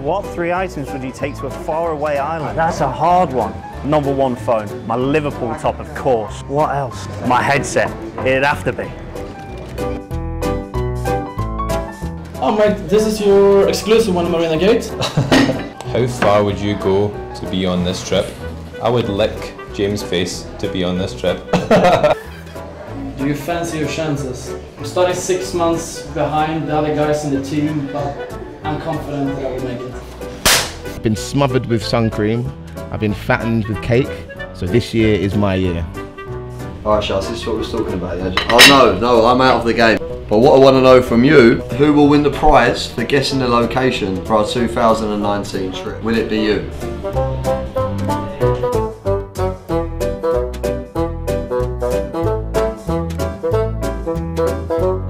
What three items would you take to a faraway island? That's a hard one. Number one phone, my Liverpool top, of course. What else? My headset. It'd have to be. Oh mate, this is your exclusive one Marina Gate. How far would you go to be on this trip? I would lick James' face to be on this trip. Do you fancy your chances? I'm starting six months behind the other guys in the team, but I'm confident that I will make it. I've been smothered with sun cream. I've been fattened with cake. So this year is my year. Alright Charles, this is what we are talking about. Yeah? Oh no, no, I'm out of the game. But what I want to know from you, who will win the prize for guessing the location for our 2019 trip? Will it be you? Thank you.